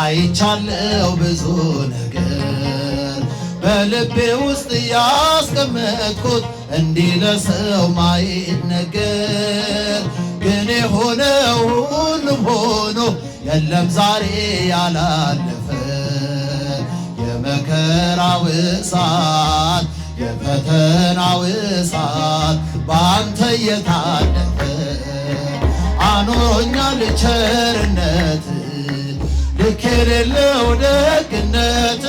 አይቻለው ብዙ ነገር በልቤ ውስጥ ያስቀመጥኩት እንዲህ ለሰው ማየት ነገር ግን የሆነ ሁሉም ሆኖ የለም ዛሬ ያላለፈ የመከራው እሳት የፈተናው እሳት በአንተ የታለፈ አኖሮኛል ቸርነት ልክ የሌለው ደግነት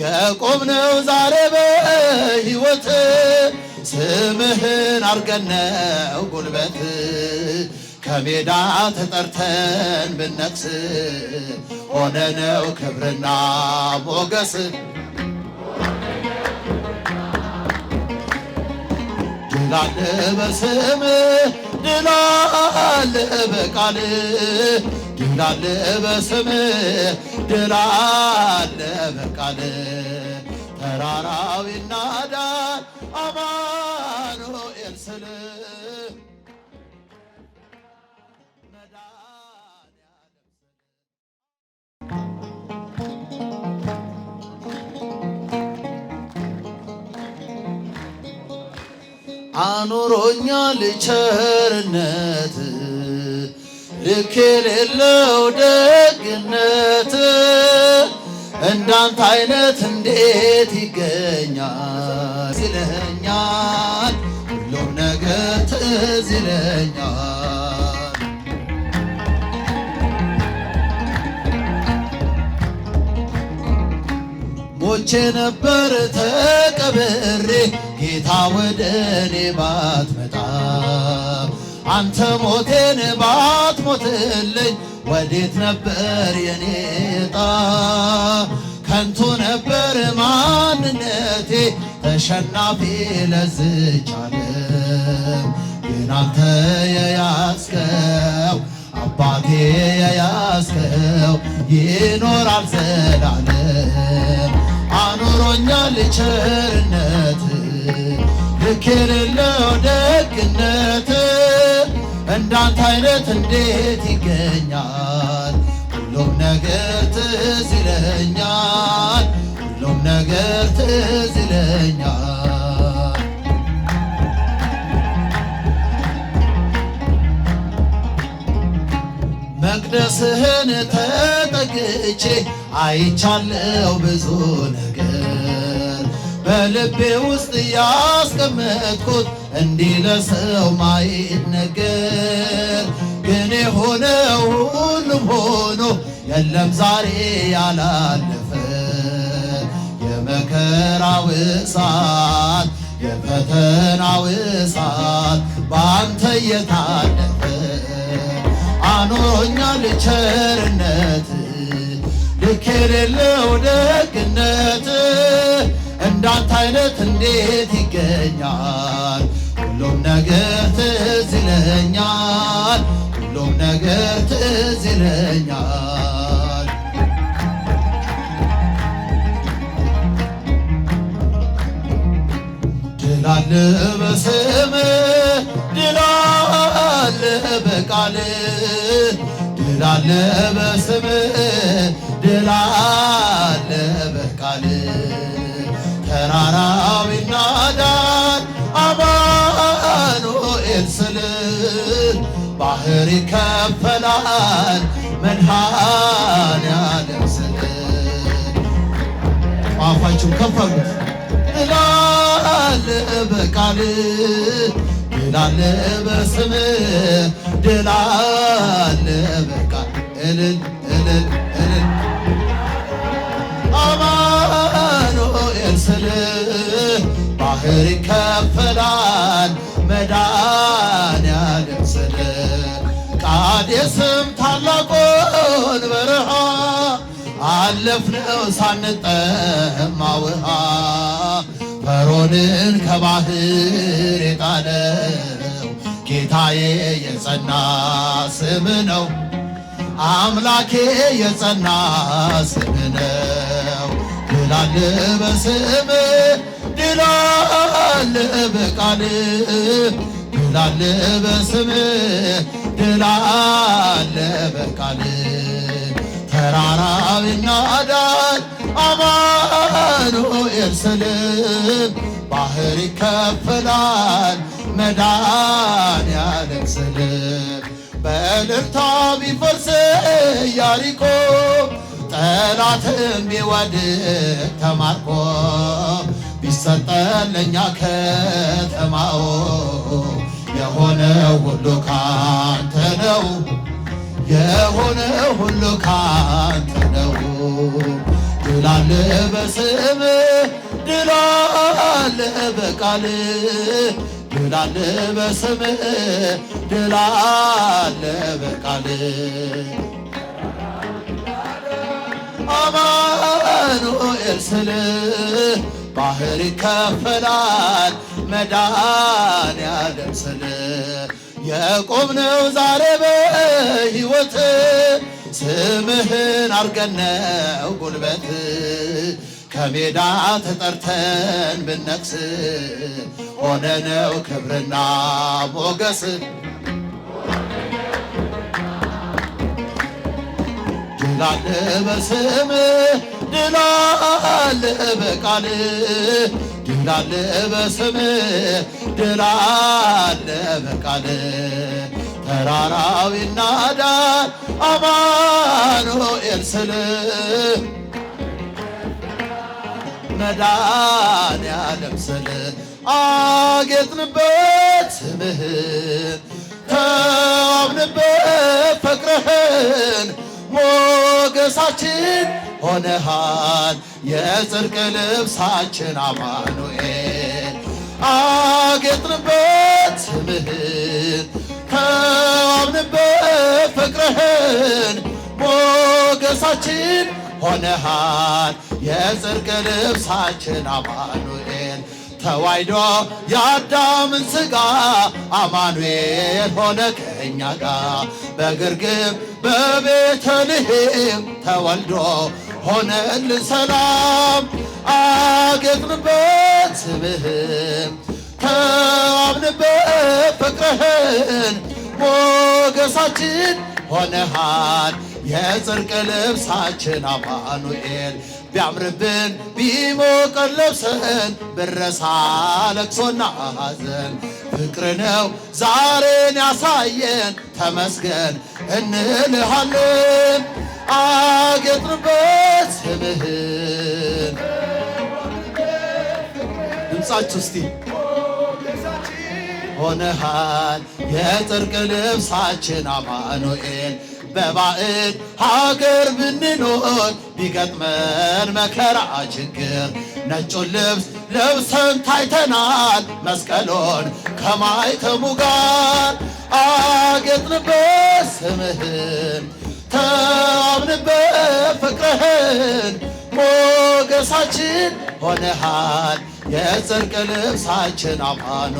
የቆምነው ዛሬ በሕይወት ስምህን አርገነው ጉልበት ከሜዳ ተጠርተን ብነቅስ ሆነነው ክብርና ሞገስ ድላል በስምህ ድላል በቃል ድላለ በስም ድላለ በቃል ተራራዊ ናዳር አማኑኤል ስል አኑሮኛ ልቸርነት ልክ የሌለው ደግነት እንዳንተ አይነት እንዴት ይገኛል? ይለኛል ሁሉም ነገር ትዝ ይለኛል። ሞቼ ነበር ተቀብሬ ጌታ ወደ እኔ ባትመጣ አንተ ሞቴን ባትሞትልኝ ወዴት ነበር የኔጣ ከንቱ ነበር ማንነቴ ተሸናፊ ለዝች ዓለም ግን አንተ የያዝከው አባቴ የያዝከው ይኖራል ዘላለም። አኑሮኛል ቸርነት ልክ የሌለው እንዳንተ አይነት እንዴት ይገኛል? ሁሉም ነገር ትዝ ይለኛል፣ ሁሉም ነገር ትዝ ይለኛል። መቅደስህን ተጠግቼ አይቻለው ብዙ በልቤ ውስጥ ያስቀመጥኩት እንዲህ ለሰው ማየት ነገር ግን የሆነ ሁሉም ሆኖ የለም ዛሬ ያላለፈ የመከራው እሳት የፈተናው እሳት በአንተ የታለፈ አኖሮኛል ቸርነት ልክ የሌለው ደግነት እንዳንተ አይነት እንዴት ይገኛል? ሁሉም ነገር ትዝ ይለኛል፣ ሁሉም ነገር ትዝ ይለኛል። ድል አለ በስምህ፣ ድል አለ በቃልህ፣ ድል አለ በስምህ፣ ድል አለ በቃልህ ተራራው ይናዳል አማኑኤል ስል ባህር ይከፈላል መድኃኔዓለም ስል አፋችሁ ከፈሉት ድላል በቃል ድላል በስም ድላል በቃል እልል ፍቅር ይከፈላል መድኃኔዓለም ስለ ቃዴስም ታላቁን በረሃ አለፍነው ሳንጠማ ውሃ ፈሮንን ከባህር የጣለው ጌታዬ የጸና ስም ነው። አምላኬ የጸና ስም ነው። ክብር አለ በስምህ ድል አለ በቃልህ ድል አለ በስምህ ተራራ ይናዳል አማኑኤል ስልህ ባህር ይከፈላል መዳን ያለቅስልህ በእልልታ ቢፈርስ ኢያሪኮ ጠላትም ቢወድቅ ተማርኮ ሰጠን ለእኛ ከተማው የሆነ ሁሉ ካንተ ነው የሆነ ሁሉ ካንተ ነው ድል አለ በስም ድል አለ በቃል ድል አለ በስም ድል አለ በቃል አማኑኤል ስል ባህር ይከፈላል መዳን ያለምስል የቆምነው ዛሬ በሕይወት ስምህን አርገነው ጉልበት ከሜዳ ተጠርተን ብነቅስ ሆነነው ክብርና ሞገስ ድላለ በስምህ ድላ በቃል ድል አለ በስም ድል አለ በቃል ተራራዊ ናዳ አማኑኤል ስል መድኃኔዓለም ስል አጌጥንበት ስምህን ተዋብንበት ፍቅርህን ሞገሳችን ሆነሃል የጽድቅ ልብሳችን አማኑኤል አጌጥንበት ስምህን ተዋብንበት ፍቅርህን ሞገሳችን ሆነሃል የጽድቅ ልብሳችን አማኑኤል ተዋይዶ የአዳምን ሥጋ አማኑኤል ሆነ ከእኛ ጋር በግርግም በቤተልሔም ተወልዶ ሆነል ሰላም አጌጥንበት ስምህም ተዋብንበት ፍቅርህን ሞገሳችን ሆነሃል የጽድቅ ልብሳችን አማኑኤል ቢያምርብን ቢሞቀን ለብሰን ብረሳ ለቅሶና ሐዘን ፍቅር ነው ዛሬን ያሳየን ተመስገን እንልሃለን። አገጥንበት ስምህን ድምፃችሁ እስቲ ሆነሃል የጽርቅ ልብሳችን አማኑኤል በባዕድ ሀገር ብንኖር ቢገጥመን መከራ ችግር ነጩን ልብስ ለብሰን ታይተናል መስቀሎን ከማይተሙ ጋር አጌጥንበት ስምህን ታምንበት ፍቅርህን ሞገሳችን ሆነሃል የጽድቅ ልብሳችን አማኑ